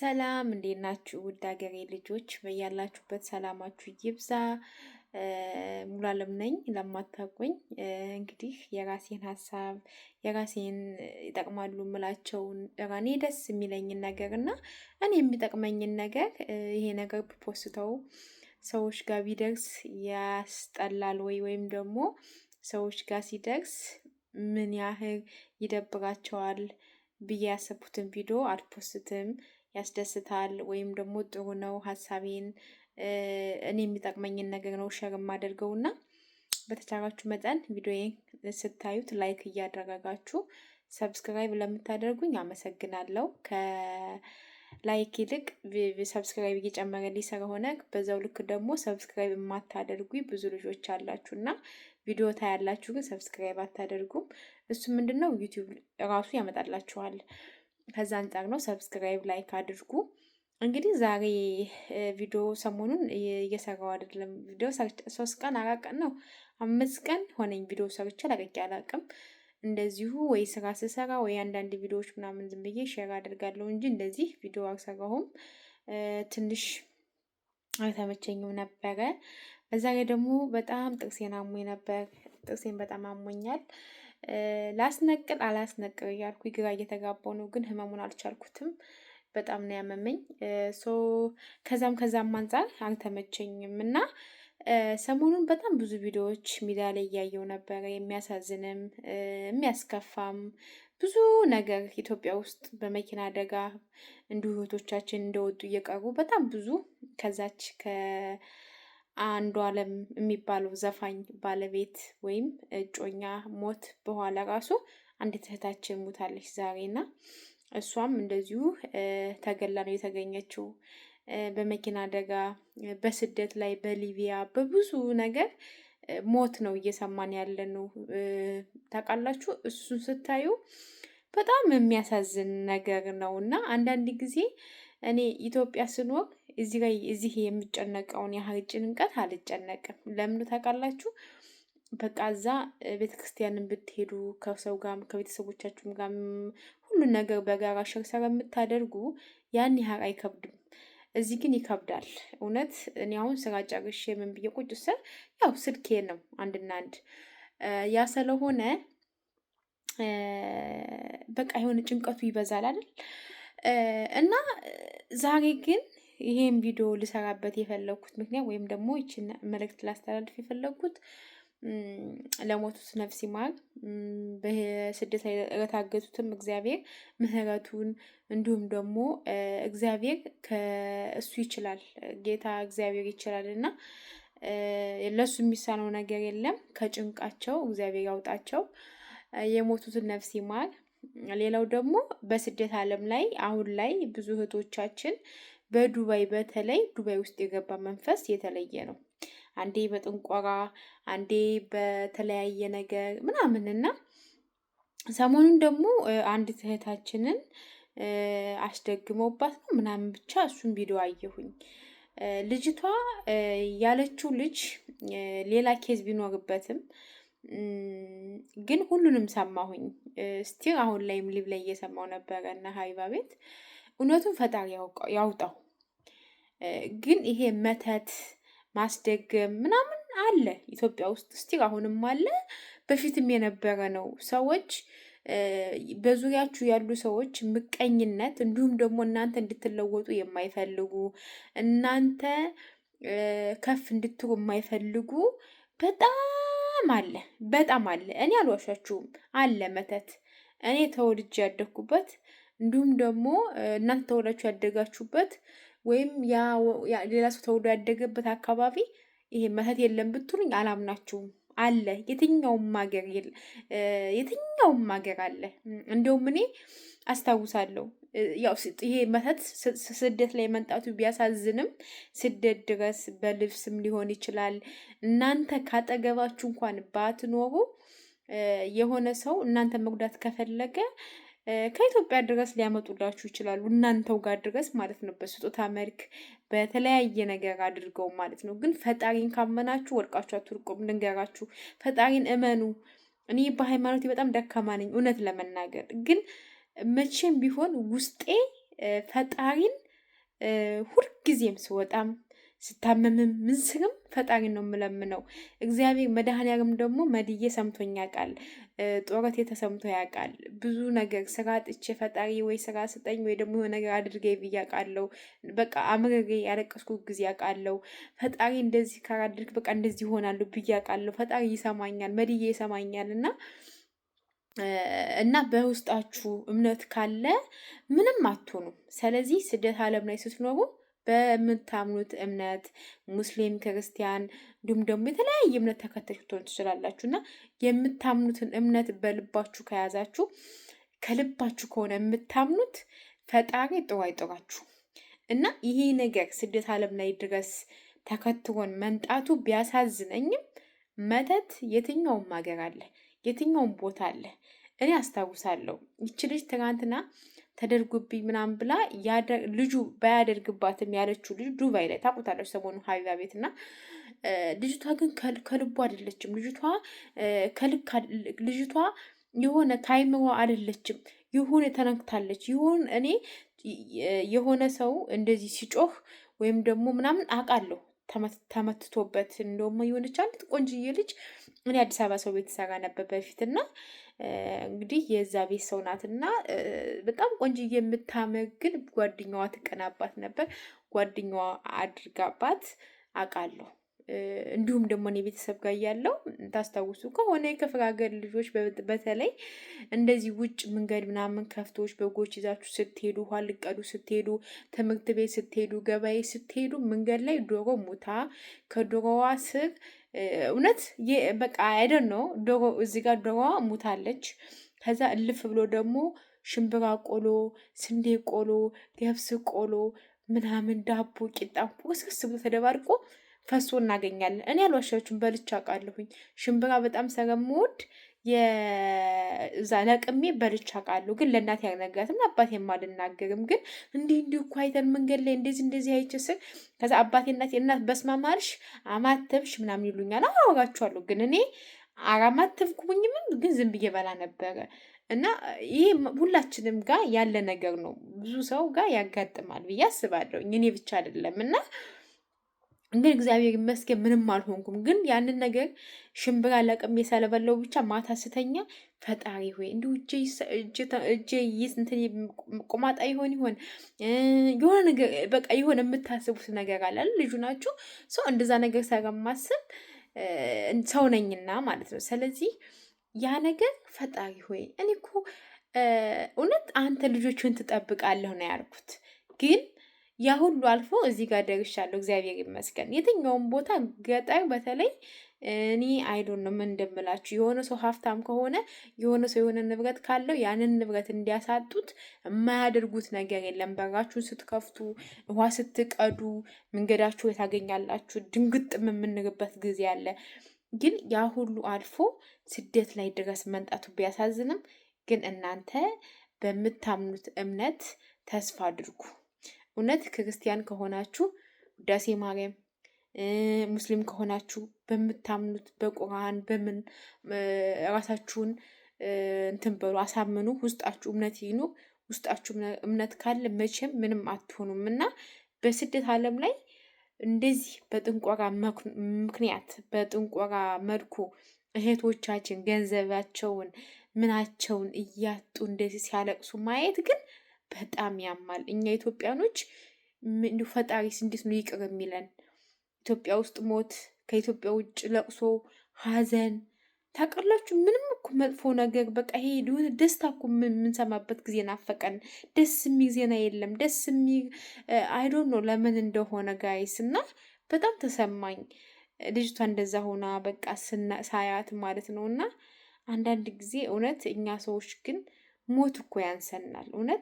ሰላም እንዴት ናችሁ? ውድ ሀገሬ ልጆች በያላችሁበት ሰላማችሁ ይብዛ። ሙሉ አለም ነኝ። ለማታቆኝ እንግዲህ የራሴን ሀሳብ የራሴን ይጠቅማሉ የምላቸውን እኔ ደስ የሚለኝን ነገር እና እኔ የሚጠቅመኝን ነገር ይሄ ነገር ብፖስተው ሰዎች ጋር ቢደርስ ያስጠላል ወይ ወይም ደግሞ ሰዎች ጋር ሲደርስ ምን ያህል ይደብራቸዋል ብዬ ያሰብኩትን ቪዲዮ አልፖስትም። ያስደስታል ወይም ደግሞ ጥሩ ነው ሀሳቤን እኔ የሚጠቅመኝን ነገር ነው ሸር የማደርገው እና በተቻላችሁ መጠን ቪዲዮዬን ስታዩት ላይክ እያደረጋችሁ ሰብስክራይብ ለምታደርጉኝ አመሰግናለሁ። ከላይክ ይልቅ ሰብስክራይብ እየጨመረልኝ ሆነ። በዛው ልክ ደግሞ ሰብስክራይብ የማታደርጉኝ ብዙ ልጆች አላችሁ እና ቪዲዮ ታያላችሁ፣ ግን ሰብስክራይብ አታደርጉም። እሱ ምንድን ነው ዩቲዩብ ራሱ ያመጣላችኋል። ከዛ አንጻር ነው። ሰብስክራይብ ላይክ አድርጉ። እንግዲህ ዛሬ ቪዲዮ ሰሞኑን እየሰራው አይደለም። ቪዲዮ ሶስት ቀን አራት ቀን ነው አምስት ቀን ሆነኝ ቪዲዮ ሰርቼ ለቅቄ አላቅም። እንደዚሁ ወይ ስራ ስሰራ ወይ አንዳንድ ቪዲዮዎች ምናምን ዝም ብዬ ሼር አድርጋለሁ እንጂ እንደዚህ ቪዲዮ አልሰራሁም። ትንሽ አልተመቸኝም ነበረ። በዛ ላይ ደግሞ በጣም ጥርሴን አሞኝ ነበር። ጥርሴን በጣም አሞኛል። ላስነቅል አላስነቅል እያልኩ ግራ እየተጋባው ነው፣ ግን ህመሙን አልቻልኩትም። በጣም ነው ያመመኝ። ሶ ከዛም ከዛም አንጻር አልተመቸኝም እና ሰሞኑን በጣም ብዙ ቪዲዮዎች ሚዲያ ላይ እያየው ነበረ። የሚያሳዝንም የሚያስከፋም ብዙ ነገር ኢትዮጵያ ውስጥ በመኪና አደጋ እንዲሁ እህቶቻችን እንደወጡ እየቀሩ በጣም ብዙ ከዛች አንዱ አለም የሚባለው ዘፋኝ ባለቤት ወይም እጮኛ ሞት በኋላ ራሱ አንዲት እህታችን ሞታለች ዛሬ እና እሷም እንደዚሁ ተገላ ነው የተገኘችው። በመኪና አደጋ፣ በስደት ላይ፣ በሊቢያ በብዙ ነገር ሞት ነው እየሰማን ያለ ነው። ታውቃላችሁ፣ እሱን ስታዩ በጣም የሚያሳዝን ነገር ነው እና አንዳንድ ጊዜ እኔ ኢትዮጵያ ስኖር እዚህ ጋር እዚህ የምጨነቀውን ያህል ጭንቀት አልጨነቅም። ለምኑ ታውቃላችሁ? በቃ እዛ ቤተ ክርስቲያንን ብትሄዱ ከሰው ጋር ከቤተሰቦቻችሁም ጋር ሁሉን ነገር በጋራ ሸርሰር የምታደርጉ ያን ያህል አይከብድም። እዚህ ግን ይከብዳል። እውነት እኔ አሁን ስራ ጨርሼ ምን ብዬ ቁጭ ስል ያው ስልኬ ነው አንድና አንድ ያ ስለሆነ በቃ የሆነ ጭንቀቱ ይበዛል አይደል? እና ዛሬ ግን ይሄን ቪዲዮ ልሰራበት የፈለግኩት ምክንያት ወይም ደግሞ ይችን መልእክት ላስተላልፍ የፈለግኩት ለሞቱት ነፍስ ይማር፣ በስደት ለታገቱትም እግዚአብሔር ምሕረቱን እንዲሁም ደግሞ እግዚአብሔር ከእሱ ይችላል፣ ጌታ እግዚአብሔር ይችላል እና ለእሱ የሚሳነው ነገር የለም። ከጭንቃቸው እግዚአብሔር ያውጣቸው። የሞቱትን ነፍስ ይማር። ሌላው ደግሞ በስደት ዓለም ላይ አሁን ላይ ብዙ እህቶቻችን በዱባይ በተለይ ዱባይ ውስጥ የገባ መንፈስ የተለየ ነው። አንዴ በጥንቆራ አንዴ በተለያየ ነገር ምናምን እና ሰሞኑን ደግሞ አንድ እህታችንን አስደግሞባት ነው ምናምን ብቻ እሱን ቪዲዮ አየሁኝ። ልጅቷ ያለችው ልጅ ሌላ ኬዝ ቢኖርበትም ግን ሁሉንም ሰማሁኝ። ስቲር አሁን ላይም ሊብ ላይ እየሰማው ነበረ እና ሀይባ ቤት እውነቱን ፈጣሪ ያውጣው። ግን ይሄ መተት ማስደገም ምናምን አለ ኢትዮጵያ ውስጥ እስቲ አሁንም አለ፣ በፊትም የነበረ ነው። ሰዎች በዙሪያችሁ ያሉ ሰዎች ምቀኝነት፣ እንዲሁም ደግሞ እናንተ እንድትለወጡ የማይፈልጉ እናንተ ከፍ እንድትሩ የማይፈልጉ በጣም አለ፣ በጣም አለ። እኔ አልዋሻችሁም፣ አለ መተት። እኔ ተወልጄ ያደግኩበት እንዲሁም ደግሞ እናንተ ተወላችሁ ያደጋችሁበት ወይም ሌላ ሰው ተወልዶ ያደገበት አካባቢ ይሄ መተት የለም ብትሉኝ አላምናችሁም። አለ የትኛውም ሀገር የትኛውም ሀገር አለ። እንደውም እኔ አስታውሳለሁ ያው ይሄ መተት ስደት ላይ መንጣቱ ቢያሳዝንም ስደት ድረስ በልብስም ሊሆን ይችላል። እናንተ ካጠገባችሁ እንኳን ባትኖሩ የሆነ ሰው እናንተ መጉዳት ከፈለገ ከኢትዮጵያ ድረስ ሊያመጡላችሁ ይችላሉ። እናንተው ጋር ድረስ ማለት ነው። በስጦታ መልክ በተለያየ ነገር አድርገው ማለት ነው። ግን ፈጣሪን ካመናችሁ ወድቃችሁ አትወድቁም። ልንገራችሁ፣ ፈጣሪን እመኑ። እኔ በሃይማኖቴ በጣም ደካማ ነኝ እውነት ለመናገር ግን መቼም ቢሆን ውስጤ ፈጣሪን ሁልጊዜም ስወጣም ስታመምም ምን ስግም ፈጣሪ ነው የምለምነው። እግዚአብሔር መድኃኔዓለም ደግሞ መድዬ ሰምቶኝ ያውቃል። ጦረቴ ተሰምቶ ያውቃል። ብዙ ነገር ስራ ጥቼ ፈጣሪ ወይ ስራ ስጠኝ ወይ ደግሞ የሆነ ነገር አድርጌ ብዬ አውቃለሁ። በቃ አምርሬ ያለቀስኩ ጊዜ አውቃለሁ። ፈጣሪ እንደዚህ ካላደርክ በቃ እንደዚህ ይሆናሉ ብዬ አውቃለሁ። ፈጣሪ ይሰማኛል፣ መድዬ ይሰማኛል እና እና በውስጣችሁ እምነት ካለ ምንም አትሆኑም። ስለዚህ ስደት ዓለም ላይ ስትኖሩ በምታምኑት እምነት ሙስሊም፣ ክርስቲያን እንዲሁም ደግሞ የተለያየ እምነት ተከታዮች ልትሆኑ ትችላላችሁ እና የምታምኑትን እምነት በልባችሁ ከያዛችሁ ከልባችሁ ከሆነ የምታምኑት ፈጣሪ ጥሩ አይጥራችሁ እና ይሄ ነገር ስደት ዓለም ላይ ድረስ ተከትሎን መምጣቱ ቢያሳዝነኝም መተት የትኛውም ሀገር አለ፣ የትኛውም ቦታ አለ። እኔ አስታውሳለሁ ይቺ ልጅ ትናንትና ተደርጉብኝ ምናምን ብላ ልጁ ባያደርግባትም ያለችው ልጁ ዱባይ ላይ ታቁታለች ሰሞኑ ሀቢባ ቤት እና ልጅቷ ግን ከልቡ አይደለችም። ልጅቷ ከልክ ልጅቷ የሆነ ታይምዋ አይደለችም። ይሁን ተነክታለች። ይሁን እኔ የሆነ ሰው እንደዚህ ሲጮህ ወይም ደግሞ ምናምን አውቃለሁ ተመትቶበት እንደውም የሆነች አንዲት ቆንጅዬ ልጅ እኔ አዲስ አበባ ሰው ቤት ሰራ ነበር በፊትና እንግዲህ የዛ ቤት ሰው ናት ናትና በጣም ቆንጅዬ የምታምር ግን ጓደኛዋ ትቀናባት ነበር። ጓደኛዋ አድርጋባት አውቃለሁ። እንዲሁም ደግሞ እኔ ቤተሰብ ጋር እያለው ታስታውሱ ከሆነ ከፍራ ሀገር ልጆች በተለይ እንደዚህ ውጭ መንገድ ምናምን ከፍቶች በጎች ይዛችሁ ስትሄዱ፣ ውሃ ልቀዱ ስትሄዱ፣ ትምህርት ቤት ስትሄዱ፣ ገበያ ስትሄዱ መንገድ ላይ ዶሮ ሙታ ከዶሮዋ ስር እውነት በቃ አይደን ነው ዶሮ እዚህ ጋር ዶሮዋ ሙታለች። ከዛ እልፍ ብሎ ደግሞ ሽምብራ ቆሎ፣ ስንዴ ቆሎ፣ ገብስ ቆሎ ምናምን ዳቦ፣ ቂጣ ውስብስብ ተደባርቆ ፈሶ እናገኛለን። እኔ አልዋሻችሁም፣ በልቼ አውቃለሁኝ። ሽምብራ በጣም ስለምወድ የዛ ለቅሜ በልቼ አውቃለሁ። ግን ለእናቴ አልነግራትም፣ አባቴም አልናገርም። ግን እንዲህ እንዲህ እኮ አይተን መንገድ ላይ እንደዚህ እንደዚህ አይችስል ከዛ አባቴ እናቴ እናት በስማማርሽ አማተብሽ ምናምን ይሉኛል። አወራችኋለሁ ግን እኔ አላማተብኩኝም፣ ግን ዝም ብዬ በላ ነበረ። እና ይሄ ሁላችንም ጋር ያለ ነገር ነው። ብዙ ሰው ጋር ያጋጥማል ብዬ አስባለሁ። እኔ ብቻ አይደለም እና ግን እግዚአብሔር ይመስገን ምንም አልሆንኩም። ግን ያንን ነገር ሽምብራ ለቅሜ የሰለበለው ብቻ ማታ ስተኛ ፈጣሪ ሆይ እንዲሁ እጄ እንትን ቁማጣ ይሆን ይሆን የሆነ ነገር በቃ የሆነ የምታስቡት ነገር አለ ልጁ ናችሁ ሰው እንደዛ ነገር ሰረማስብ ሰው ነኝና ማለት ነው። ስለዚህ ያ ነገር ፈጣሪ ሆይ እኔ እኮ እውነት አንተ ልጆችን ትጠብቃለሁ ነው ያልኩት ግን ያ ሁሉ አልፎ እዚህ ጋር ደርሻለሁ፣ እግዚአብሔር ይመስገን። የትኛውም ቦታ ገጠር በተለይ እኔ አይዶን ነው ምን እንደምላችሁ፣ የሆነ ሰው ሀብታም ከሆነ የሆነ ሰው የሆነ ንብረት ካለው ያንን ንብረት እንዲያሳጡት የማያደርጉት ነገር የለም። በራችሁን ስትከፍቱ፣ ውሃ ስትቀዱ፣ መንገዳችሁ የታገኛላችሁ። ድንግጥ የምንርበት ጊዜ አለ። ግን ያ ሁሉ አልፎ ስደት ላይ ድረስ መምጣቱ ቢያሳዝንም፣ ግን እናንተ በምታምኑት እምነት ተስፋ አድርጉ። እውነት ክርስቲያን ከሆናችሁ ውዳሴ ማርያም፣ ሙስሊም ከሆናችሁ በምታምኑት በቁርአን በምን ራሳችሁን እንትን በሉ አሳምኑ። ውስጣችሁ እምነት ይኑ። ውስጣችሁ እምነት ካለ መቼም ምንም አትሆኑም እና በስደት ዓለም ላይ እንደዚህ በጥንቆራ ምክንያት በጥንቆራ መልኩ እህቶቻችን ገንዘባቸውን ምናቸውን እያጡ እንደዚህ ሲያለቅሱ ማየት ግን በጣም ያማል። እኛ ኢትዮጵያኖች ፈጣሪስ እንዴት ነው ይቅር የሚለን? ኢትዮጵያ ውስጥ ሞት፣ ከኢትዮጵያ ውጭ ለቅሶ፣ ሀዘን ታቀላችሁ። ምንም እኮ መጥፎ ነገር በቃ ይሄ ሆነ ደስታ እኮ የምንሰማበት ጊዜ ናፈቀን። ደስ የሚል ዜና የለም። ደስ የሚል አይዶን ነው ለምን እንደሆነ ጋይስ እና በጣም ተሰማኝ። ልጅቷ እንደዛ ሆና በቃ ሳያት ማለት ነው እና አንዳንድ ጊዜ እውነት እኛ ሰዎች ግን ሞት እኮ ያንሰናል እውነት